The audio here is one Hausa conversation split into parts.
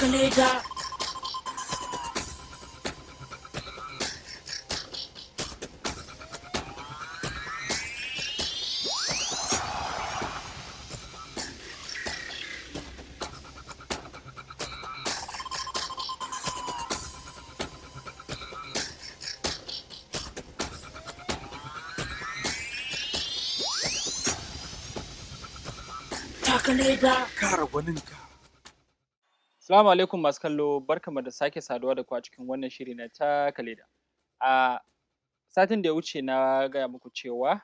escalator. Takaleda. Kara gwaninka. Salamu alaikum masu kallo barkama da sake saduwa da ku a cikin wannan shiri na ta kaleda. A satin da ya wuce na gaya muku cewa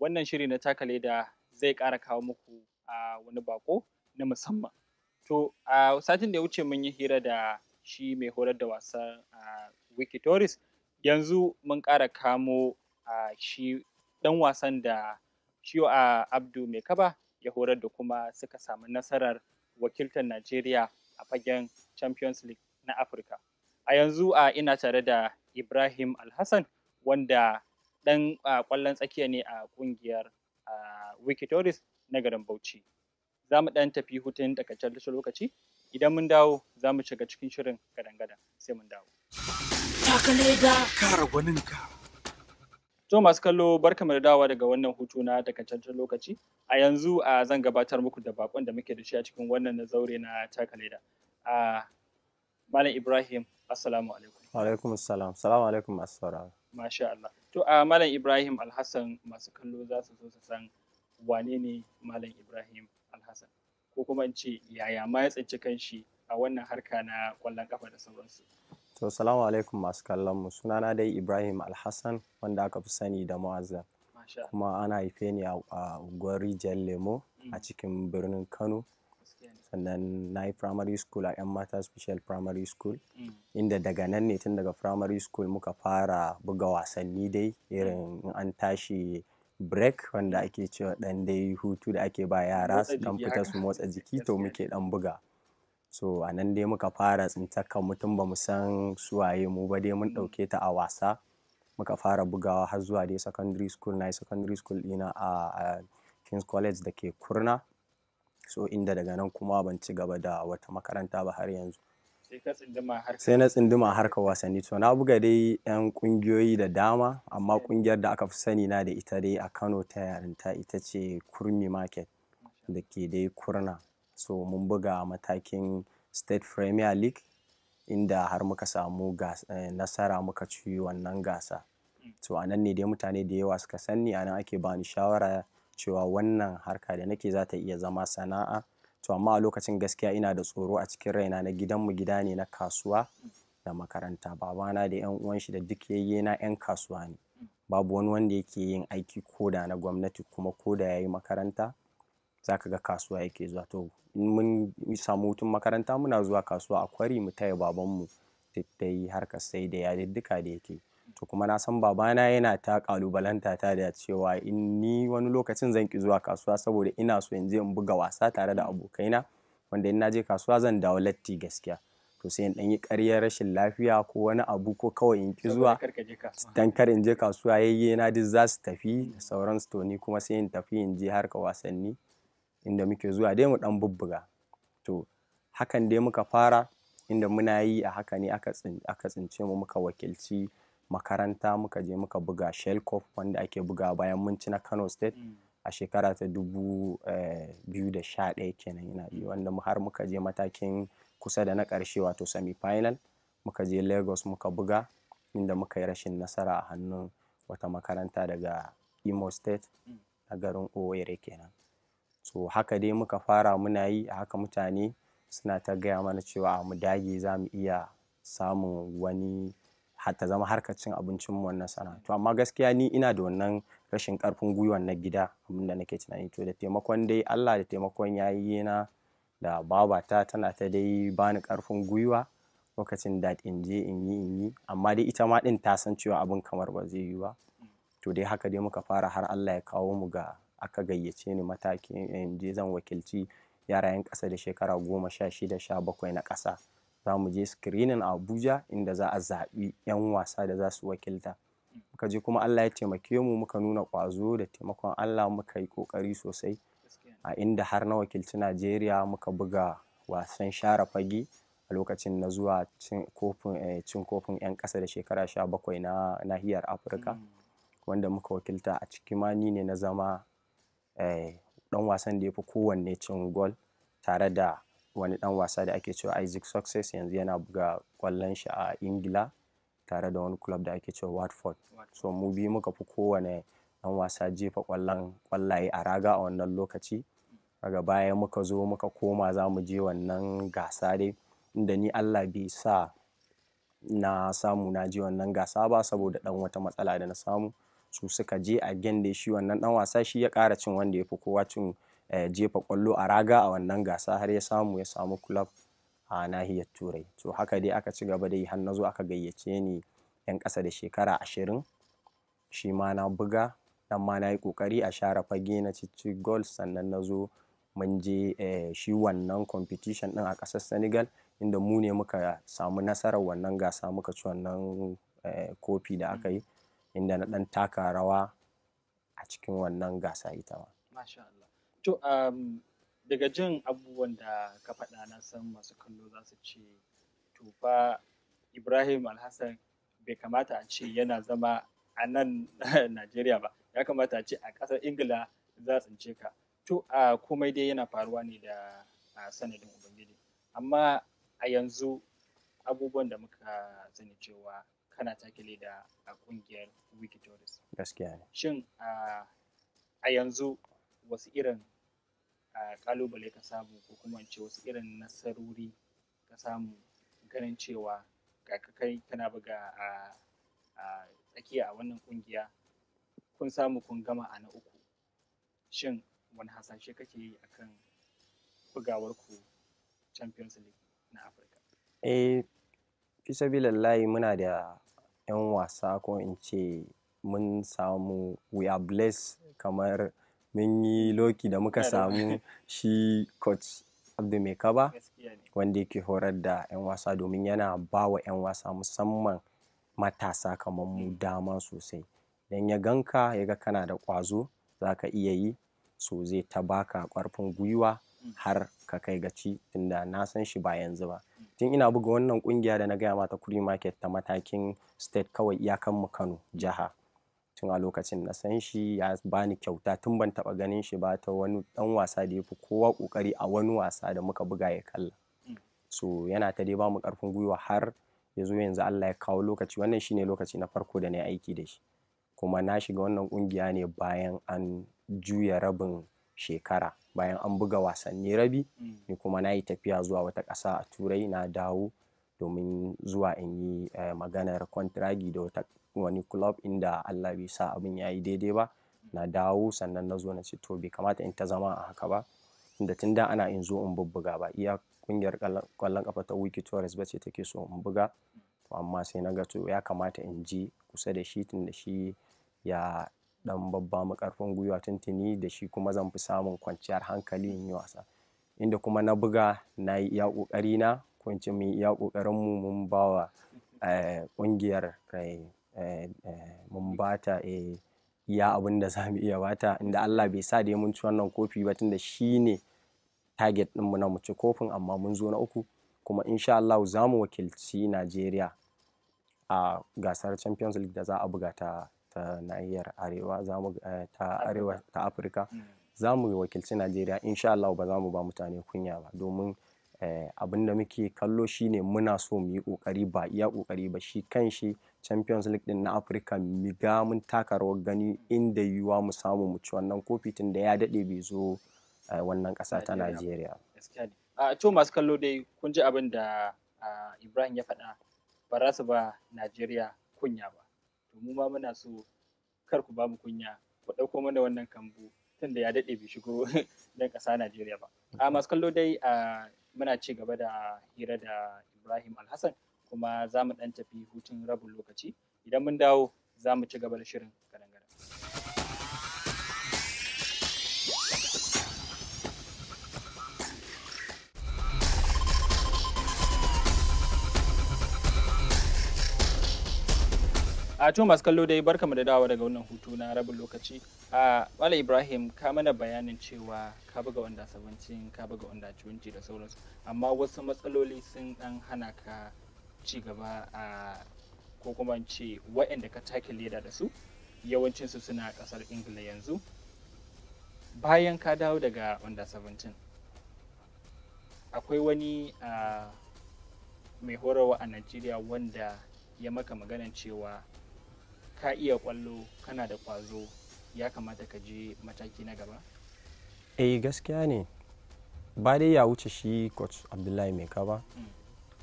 wannan shiri na ta kaleda zai ƙara kawo muku a wani bako na musamman. To a satin da ya wuce mun yi hira da shi mai horar da wasan Wiki Tourist yanzu mun ƙara kamo a shi ɗan wasan da shi a Abdu Mai Kaba ya horar da kuma suka samu nasarar wakiltar Najeriya a fagen Champions League na Afirka. A yanzu a ina tare da Ibrahim Alhassan wanda ɗan ƙwallon tsakiya ne a ƙungiyar Wikitoris na garin Bauchi. Za mu ɗan tafi hutun takaitaccen lokaci, idan mun dawo za mu shiga cikin shirin gadan-gadan sai mun dawo. Taka ga Kara gwaninka! To masu kallo barka mu da dawa daga wannan hutu na takaitaccen lokaci. A yanzu a zan gabatar muku da bakon da muke da shi a cikin wannan na zaure na taka leda. Malam Ibrahim, Assalamu alaikum. Wa Alaikum assalam. Assalamu alaikum masu sauraro. Masha Allah. To a Malam Ibrahim Alhassan masu kallo za su so su san wane ne Malam Ibrahim Alhassan ko kuma in ce yaya ma ya tsinci kanshi a wannan harka na kwallon kafa da sauransu. To, salamu alaikum masu kallon mu. Sunana dai Ibrahim Alhassan wanda aka fi sani da Mu'azzam. Kuma ana haife ni a unguwar Rijiyar Lemo a mm. cikin birnin Kano. Sannan na yi primary school a 'yan mata special primary school. Mm. Inda daga nan ne tun daga primary school muka fara buga wasanni dai irin mm. an tashi break wanda ake cewa dan dai hutu da ake ba yara su dan fita su motsa jiki to muke dan buga. so a nan dai muka fara tsintar kan mutum ba mu san suwaye mu ba dai mun ɗauke ta a wasa muka fara bugawa har zuwa dai secondary school na secondary school ɗina a king's college da ke kurna so inda daga nan kuma ban ci gaba da wata makaranta ba har yanzu sai na tsinduma harkar wasanni to na buga dai yan kungiyoyi da dama amma kungiyar eh. da aka fi sani na da ita dai a kano ta yarinta ita ce kurmi market da ke dai kurna so mun buga matakin state premier league inda har muka samu eh, nasara muka ci wannan gasa so a nan ne dai mutane da yawa suka sanni a nan ake bani shawara cewa wannan harka da nake za ta iya zama sana'a to amma a lokacin gaskiya ina da tsoro a cikin raina na mu gida ne na kasuwa da makaranta babana da yan uwan shi da duk yayye na yan kasuwa ne babu wani wanda yake yin aiki koda na gwamnati kuma koda yayi makaranta za ka ga kasuwa yake zuwa to mun samu hutun makaranta muna zuwa kasuwa a kwari mu taya babanmu ta yi harkar sai da yadiddika da yake to kuma na san babana yana ta kalubalanta ta da cewa in ni wani lokacin zan ki zuwa kasuwa saboda ina so in je in buga wasa tare da abokaina wanda in na je kasuwa zan dawo latti gaskiya to sai in dan yi ƙaryar rashin lafiya ko wani abu ko kawai in ki zuwa dan kar in je kasuwa yayye na duk za su tafi sauransu to ni kuma sai in tafi in je harka wasanni inda muke zuwa dai mu dan bubbuga to hakan dai muka fara inda muna yi a haka ne aka tsince mu muka wakilci makaranta muka je muka buga shell wanda ake buga bayan mun ci na kano state mm. a shekara ta dubu eh, da sha ɗaya kenan ina yi wanda har muka je matakin kusa da na karshe wato semi final muka je lagos muka buga inda muka yi rashin nasara a hannun wata makaranta daga imo state mm. a garin oyere kenan so haka dai muka fara muna yi a haka mutane suna ta gaya mana cewa mu dage za mu iya samun wani ta zama harkar cin abincin mu wannan sana to amma gaskiya ni ina da wannan rashin karfin gwiwan na gida da nake tunani to da taimakon dai Allah da taimakon yayi na da babata tana ta dai bani karfin gwiwa lokacin da in je in yi in yi amma dai ita ma din ta san cewa abin kamar ba zai yi ba to dai haka dai muka fara har Allah ya kawo mu ga aka gayyace ni mataki in je zan wakilci yara 'yan ƙasa da shekara goma sha shida sha bakwai na ƙasa za mu je screening a abuja inda za a zaɓi 'yan wasa da za su wakilta muka je kuma allah ya taimake mu muka nuna ƙwazo da taimakon allah muka yi ƙoƙari sosai a inda har na wakilci najeriya muka buga wasan share fage a lokacin na zuwa cin kofin 'yan eh, ƙasa da shekara sha bakwai na nahiyar afirka mm. wanda muka wakilta a ciki mani ne na zama dan eh, wasan da ya fi kowanne cin gol tare da wani dan wasa da ake cewa Isaac Success yanzu yana buga kwallon shi a Ingila tare da wani club da ake cewa Watford so mu bi muka fi kowane dan wasa jefa kwallon kwallaye a raga a wannan lokaci daga baya muka zo muka koma za mu je wannan gasa dai inda ni Allah bai sa na samu na je wannan gasa ba saboda dan wata matsala da na samu su suka je a gende shi wannan dan wasa shi ya kara cin wanda ya fi kowa cin eh, jefa kwallo a raga a wannan gasa har ya samu ya samu club a nahiyar turai to haka dai aka ci gaba dai har nazo aka gayyace ni yan ƙasa da shekara ashirin shi ma na buga dan ma na yi ƙoƙari a share fage na cici gol sannan na zo mun je eh, shi wannan competition ɗin a ƙasar senegal inda mu ne muka samu nasarar wannan gasa muka ci wannan eh, kofi da aka yi inda na ɗan taka rawa a cikin wannan gasa ita ma. Masha Allah. To um, daga jin abubuwan da ka faɗa na san masu kallo za su ce to fa Ibrahim Alhassan bai kamata a ce yana zama a nan Najeriya ba ya kamata a ce a ƙasar Ingila za su tsince ka. To a komai dai yana faruwa ne da sanadin Ubangiji. Amma a yanzu abubuwan da muka sani cewa kana takile da kungiyar wiki tourist gaskiya ne shin a yanzu wasu irin kalubale ka samu ko kuma ce wasu irin nasarori ka samu ganin cewa ga kai kana buga a tsakiya a wannan kungiya kun samu kun gama a na uku shin wani hasashe kake yi kan bugawar ku champions league na afirka eh fi lallai muna da 'yan wasa ko in ce mun samu we are blessed kamar mun yi loki da muka samu shi coach abdu mai kaba wanda yake horar da 'yan wasa domin yana ba wa 'yan wasa musamman matasa kamar mu mm. dama sosai don ya ganka ya ga kana da ƙwazo za ka iya yi so zai ta baka ƙarfin gwiwa mm. har ka kai gaci tunda na san shi ba yanzu ba tun ina buga wannan kungiya da na gaya mata kuri market ta matakin state kawai iyakan mu kano jiha tun a lokacin na san shi ya bani kyauta tun ban taba ganin shi ba ta wani dan wasa da ya fi kowa kokari a wani wasa da muka buga ya kalla so yana ta dai bamu karfin gwiwa har ya zo yanzu Allah ya kawo lokaci wannan shine lokaci na farko da na aiki da shi kuma na shiga wannan kungiya ne bayan an juya rabin shekara bayan an buga wasanni rabi mm. ni kuma na yi tafiya zuwa wata ƙasa a turai na dawo domin zuwa in yi eh, maganar kwantiragi da wata wani club inda Allah bai sa abin ya yi daidai ba na dawo sannan na zo na ce to bai kamata in ta zama a haka ba inda tun da ana in zo in bubbuga ba iya kungiyar kwallon kafa ta wiki tourist ba ce take so in buga to amma sai na ga to ya kamata in ji kusa da shi tun da shi ya dan babba mu karfin gwiwa tuntuni da shi kuma zan fi samun kwanciyar hankali in yi wasa inda kuma na buga na yi iya kokari na ko in iya kokarin mu mun bawa kungiyar eh, eh, eh, mun ta iya abin da za mu iya bata inda Allah bai sa da mun ci wannan kofi ba tunda shine target ɗinmu na mu ci kofin amma mun zo na uku kuma insha Allah za mu wakilci Najeriya a gasar Champions League da za a buga ta ta nahiyar arewa eh, ta arewa ta afirka mm. za mu wakilci najeriya insha Allah ba za mu ba mutane kunya ba domin eh, abin da muke kallo shine muna so mu yi kokari ba iya kokari ba shi kan shi champions league din na afirka mu ga mun taka rawar gani inda yiwuwa mu samu mu ci wannan kofi tun da ya dade bai zo eh, wannan kasa ta najeriya a to masu kallo dai kun ji abin da ah, ibrahim ya faɗa ba za su ba najeriya kunya ba mu ma muna so kar ku mu kunya ku ɗauko mana wannan kambu tunda ya daɗe bai shigo dan ƙasa Najeriya ba. A masu kallo dai muna ci gaba da hira da Ibrahim Alhassan kuma za mu ɗan tafi hutun rabin lokaci idan mun dawo za mu ci gaba da shirin gadan-gadan. a to masu kallo dai barka mu da dawa daga wannan hutu na rabin lokaci a wala ibrahim ka mana bayanin cewa ka buga wanda sabancin ka buga wanda ciwonci da sauransu amma wasu matsaloli sun dan hana ka ci gaba a ko kuma ce waɗanda ka take leda da su yawancinsu suna kasar ingila yanzu bayan ka dawo daga wanda sabancin akwai wani mai horarwa a najeriya wanda ya maka maganan cewa ka iya kwallo kana da kwazo ya kamata ka je mataki na gaba eh gaskiya ne ba dai ya wuce shi coach abdullahi mai kaba. Hmm.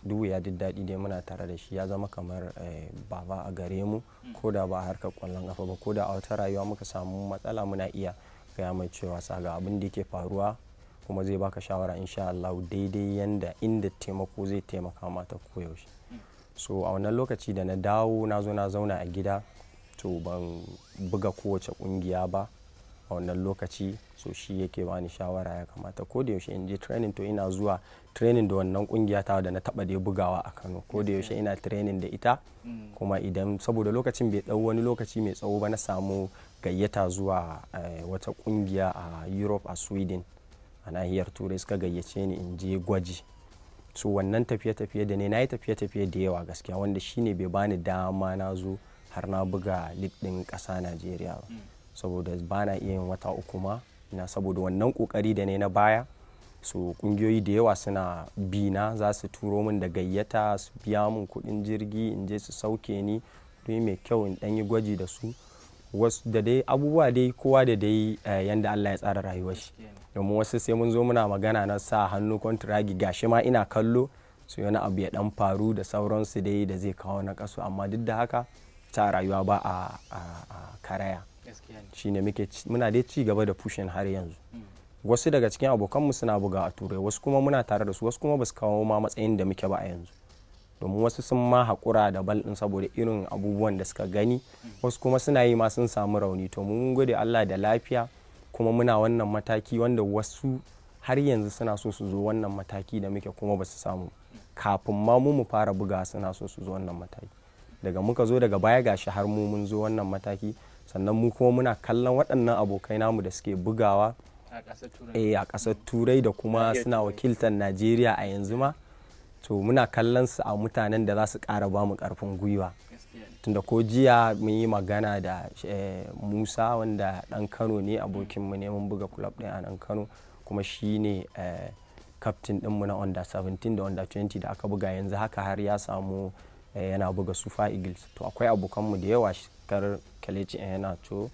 duk ya duk daɗi dai muna tare da shi ya zama kamar eh, baba a gare mu hmm. ko da ba a harkar kwallon kafa ba ko da a wata rayuwa muka samu matsala muna iya gaya mai cewa sa ga abin da yake faruwa kuma zai baka shawara insha Allah daidai yanda inda taimako zai taimaka mata koyaushe hmm. so a wannan lokaci da na dawo na zo na zauna a gida to ban buga kowace kungiya ba a wannan lokaci so shi yake bani shawara ya kamata ko da yaushe in je training to ina zuwa training da wannan kungiya ta da na taba dai bugawa a Kano ko da yaushe ina training da ita mm. kuma idan saboda lokacin bai dau wani lokaci mai tsawo ba na samu gayyata zuwa eh, wata kungiya a Europe a Sweden a nahiyar Turai suka gayyace ni in je gwaji so wannan tafiye-tafiye da ne na yi tafiye-tafiye da yawa gaskiya wanda shine bai bani dama na zo har na buga lig din kasa najeriya ba hmm. saboda ba na iya yin wata uku ma na saboda wannan kokari da ne na baya su kungiyoyi da yawa suna bina za su turo min da gayyata su biya min kudin jirgi in je su sauke ni kudi mai kyau in dan yi gwaji da su wasu da dai abubuwa dai kowa da dai eh, yanda Allah ya tsara rayuwar shi domin wasu sai mun zo muna magana na sa hannu kontragi gashi ma ina kallo su yana abu ya dan faru da sauransu dai da zai kawo na kasu amma duk da haka ta rayuwa ba a, karaya shi karaya muke muna dai ci gaba da pushin har yanzu mm. wasu daga cikin abokanmu suna buga a turai wasu kuma muna tare da su wasu kuma ba kawo ma matsayin da muke ba a yanzu domin wasu sun ma haƙura da bal ɗin saboda irin abubuwan da suka gani mm. wasu kuma suna yi ma sun samu rauni to mun gode Allah da lafiya kuma muna wannan mataki wanda wasu har yanzu suna so su zo wannan mataki da muke kuma ba su samu kafin ma mu mu fara buga suna so su zo wannan mataki daga muka zo daga baya ga shi har mu mun zo wannan mataki sannan mu kuma muna kallon waɗannan abokai namu da suke bugawa a ƙasar turai eh, da kuma suna wakiltar najeriya a yanzu ma to muna kallon su a mutanen da za su ƙara ba mu ƙarfin gwiwa tunda ko jiya mun yi magana da eh, musa wanda ɗan kano ne abokinmu ne mun buga club ɗin a nan kano kuma shi ne kaftin eh, ɗinmu na under 17 da under 20 da aka buga yanzu haka har ya samu Eh, yana buga sufa eagles to akwai abokanmu da yawa kar kalechi yana to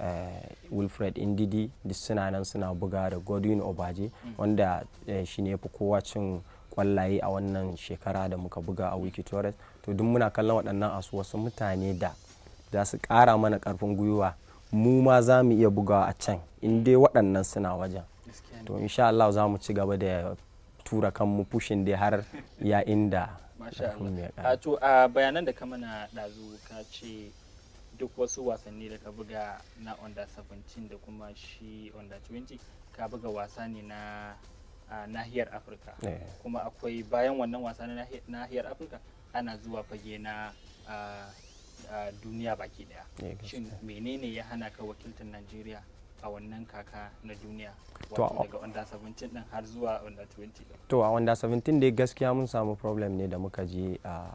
eh, wilfred indidi da suna nan suna buga da godwin obaje wanda eh, shi ne fi kowa cin kwallaye a wannan shekara da muka buga a wiki torres to duk muna kallon waɗannan asu wasu mutane da za su ƙara mana ƙarfin gwiwa mu ma za mu iya bugawa a can in dai waɗannan suna wajen to insha Allah za mu ci gaba da tura kanmu fushin dai har ya inda To a bayanan da ka mana ɗazu ka ce duk wasu wasanni da ka buga na under 17 da kuma shi under 20 ka buga wasa ne na nahiyar Afirka. Eh. Kuma akwai bayan wannan wasa na nahiyar Afirka ana zuwa fage na duniya baki daya. Eh, Shin menene ya hana ka wakiltar Najeriya a wannan kaka na duniya wato daga under 17 din har zuwa under 20 to a under 17 dai gaskiya mun samu problem ne da muka je a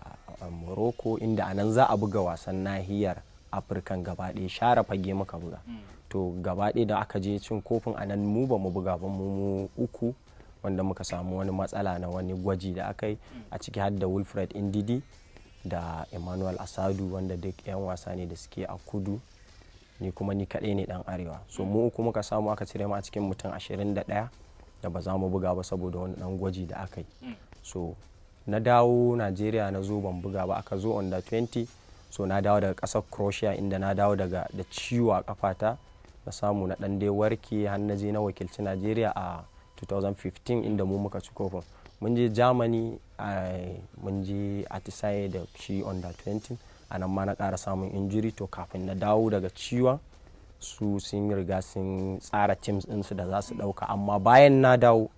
morocco inda anan za a buga wasan nahiyar afirkan gaba ɗaya share fage muka buga hmm. to gaba ɗaya da aka je cin kofin anan mu ba mu buga ba mu uku wanda muka samu wani matsala na wani gwaji da aka yi hmm. a ciki har da wilfred indidi da emmanuel asadu wanda duk 'yan wasa ne da suke a kudu ni kuma ni kaɗai ne dan arewa so mu uku muka samu aka cire mu a cikin mutum ashirin da ɗaya da ba za mu buga ba saboda wani ɗan gwaji da aka yi mm. so na dawo najeriya na zo ban buga ba aka zo under 20 so na dawo daga ƙasar croatia inda na dawo daga da ciwo a kafata na samu na ɗan dai warke har je na wakilci najeriya a 2015 inda mu muka ci kofin mun je germany mun je atisaye da shi under 20 a nan ma na ƙara samun injiri to kafin na dawo daga ciwon su sun riga sun tsara teams ɗinsu da za su ɗauka amma bayan na dawo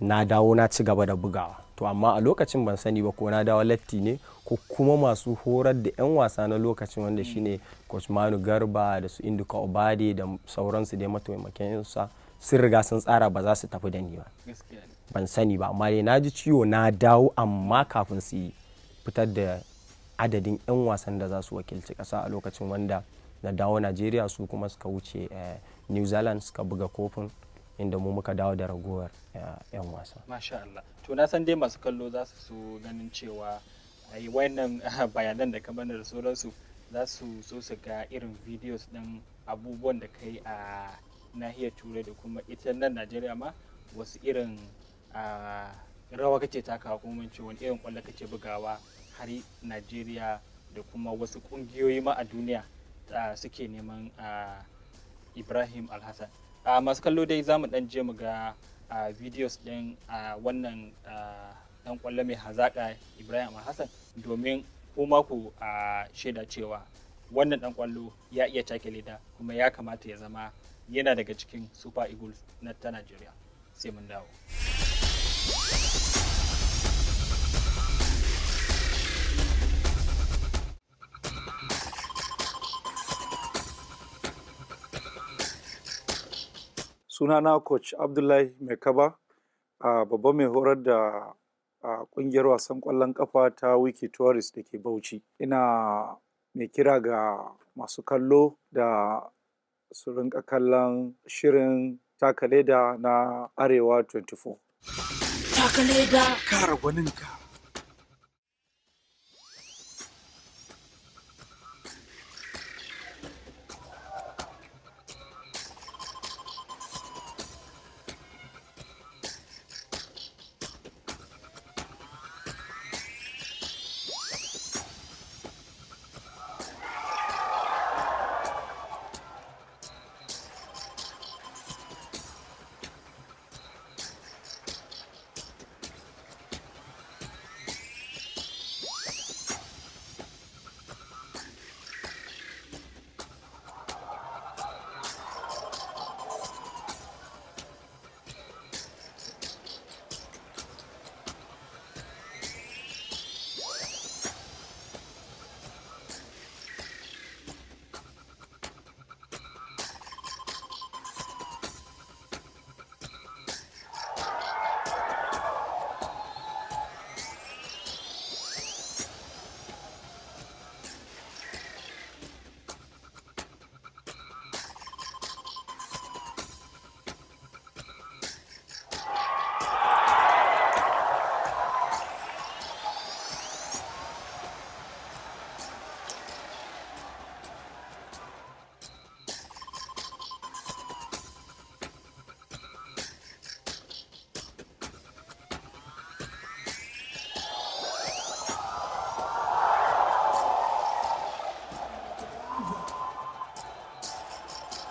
na dawo na ci gaba da bugawa to amma a lokacin ban sani ba ko na dawo latti ne ko kuma masu horar da 'yan wasa na lokacin wanda shine coach manu garba da su induka obade da sauransu dai mataimakin sa sun riga sun tsara ba za su tafi da ni ba ban sani ba amma dai na ji ciwo na dawo amma kafin su fitar da adadin 'yan wasan da za su wakilci kasa a lokacin wanda na dawo najeriya su kuma suka wuce eh, new zealand suka buga kofin inda mu muka dawo da ragowar 'yan eh, wasa masha Allah to na san dai masu kallo za su so ganin cewa a yi wayannan bayanan da ka kamar da sauransu za su so su ga irin videos din abubuwan da kai a nahiyar turai da kuma ita nan najeriya ma wasu irin ah, rawa kake takawa kuma wani irin kwallo kake bugawa har najeriya da kuma wasu kungiyoyi ma a duniya suke neman ibrahim alhassan masu kallo dai za mu dan je mu ga videos din wannan ɗan ƙwallo mai hazaƙa ibrahim alhassan domin kuma ku shaida cewa wannan ɗan kwallo ya iya take leda kuma ya kamata ya zama yana daga cikin super eagles na ta Najeriya sai mun dawo sunana coach abdullahi mai kaba a babban mai horar da a kungiyar wasan kwallon kafa ta wiki tourist da ke bauchi ina mai kira ga masu kallo da su rinka kallon shirin takaleda na arewa 24 takaleda kara gwaninka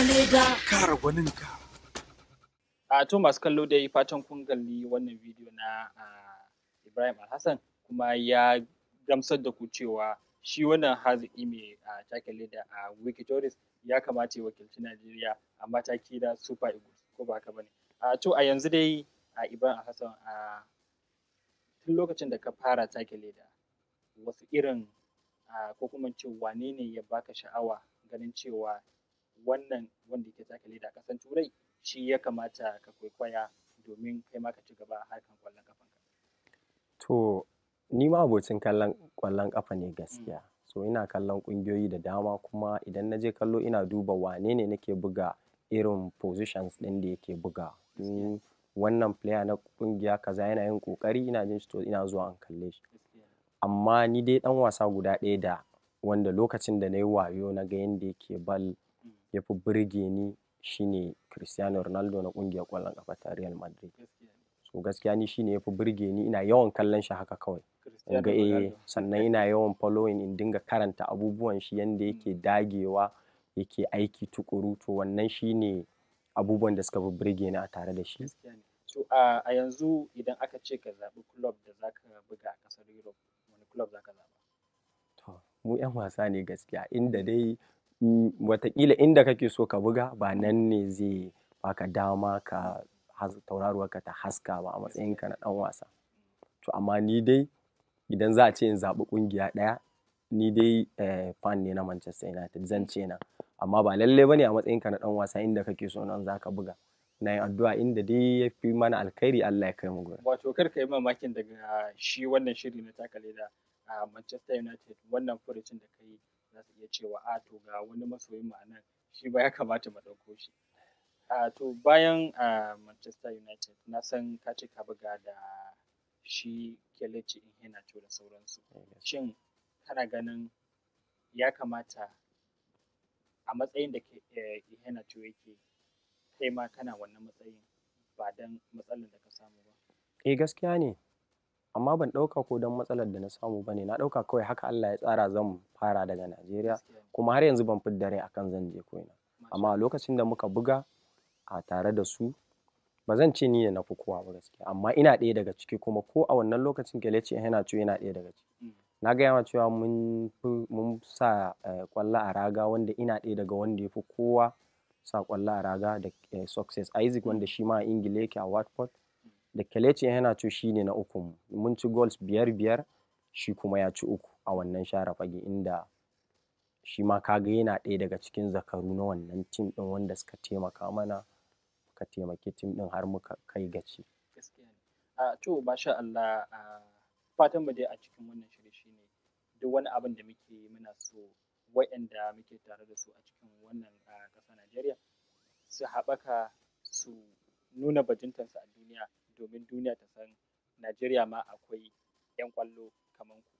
cika to masu kallo dai fatan kun galli wannan bidiyo na ibrahim alhassan kuma ya gamsar da ku cewa shi wannan haziki mai take leda a wikitoris ya kamata ya wakilci najeriya a mataki na super eagles ko ba haka bane a to a yanzu dai a ibrahim alhassan a tun lokacin da ka fara take leda wasu irin ko kuma ce wane ne ya baka sha'awa ganin cewa wannan wanda yake taka leda a ƙasan turai shi ya kamata ka kwaikwaya domin kai ma ka ci gaba a harkan ƙwallon ka to ni ma abocin kallon kwallon kafa ne gaskiya mm. so ina kallon ƙungiyoyi da dama kuma idan na je kallo ina duba wane ne nake buga irin positions ɗin da yake buga wannan player na ƙungiya kaza yana yin ƙoƙari ina jin shi to ina zuwa an kalle shi amma ni dai ɗan wasa guda ɗaya da wanda lokacin da na yi wayo na ga yadda yake bal ya fi burge ni shine Cristiano Ronaldo na kungiyar kwallon kafa ta Real Madrid. So gaskiya ni shine ya fi burge ni ina yawan kallon shi haka kawai. ga eh sannan ina yawan following in dinga karanta abubuwan shi yanda yake mm. dagewa yake aiki tukuru to wannan shine abubuwan da suka fi burge ni a tare da shi. To a yanzu idan aka ce ka zaɓi club da za ka buga a ƙasar Europe wani club za zaɓa? To mu 'yan wasa ne gaskiya inda mm. dai watakila inda kake so ka buga ba nan ne zai baka dama ka tauraruwarka ta haska ba a matsayinka na ɗan wasa to amma ni dai idan za a ce in zaɓi ƙungiya ɗaya ni dai eh, fan ne na Manchester United zan ce na amma ba lallai ne a matsayinka na ɗan wasa inda kake so nan ka buga na yin addu'a inda dai ya fi mana alkhairi Allah ya kai mu gura Wato kar ka yi mamakin daga shi wannan shiri na taka leda a Manchester United wannan furucin da ka yi za su iya cewa a to ga wani masoyin mu anan shi ba ya kamata mu ɗauko shi a to bayan a Manchester United na san ka ce ka buga da shi Kelechi Iheanacho da sauransu eh, shin kana ganin ya kamata a matsayin da eh, Iheanacho yake kai ma kana wannan matsayin ba dan matsalar da ka samu ba eh gaskiya ne amma ban ɗauka ko don matsalar da na samu ba ne na ɗauka kawai haka Allah ya tsara zan fara daga Najeriya kuma har yanzu ban fi dare akan zan je ko'ina amma a lokacin da muka buga a tare da su ba zan ce ni ne na fi kowa ba gaskiya amma ina ɗaya daga ciki kuma ko a wannan lokacin Kelechi yana ciwo yana ɗaya daga ciki mm. na gaya ma cewa mun sa kwallo eh, a raga wanda ina ɗaya daga wanda ya fi kowa sa kwallo a raga da eh, success Isaac mm. wanda shi ma a Ingila yake a Watford da Kelechi yana ci shine na uku mun ci goals biyar biyar shi kuma ya ci uku a wannan share fage inda shi ma kaga yana ɗaya daga cikin zakaru na wannan tim ɗin wanda suka taimaka mana ka taimaki tim ɗin har muka kai gaci. a to masha Allah fatan mu dai a cikin wannan shiri shine duk wani abin da muke muna so wa'anda muke tare da su a cikin wannan ƙasa Najeriya su haɓaka su nuna bajintansu a duniya domin duniya ta san Najeriya ma akwai 'yan kwallo kaman ku.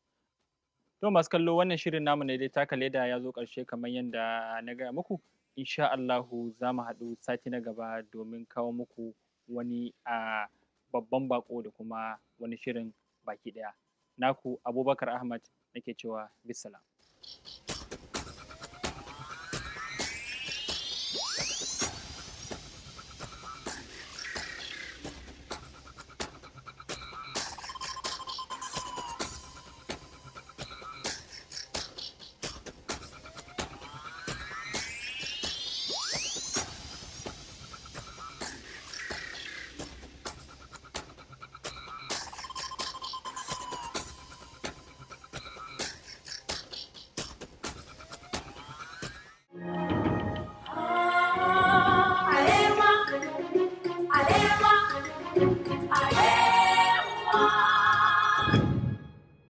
To masu kallo wannan shirin namu ne dai taka leda ya zo ƙarshe kamar yadda na gaya muku. Insha Allahu za mu haɗu sati na gaba domin kawo muku wani a babban baƙo da kuma wani shirin baki ɗaya. Naku Abubakar Ahmad nake cewa bisalam.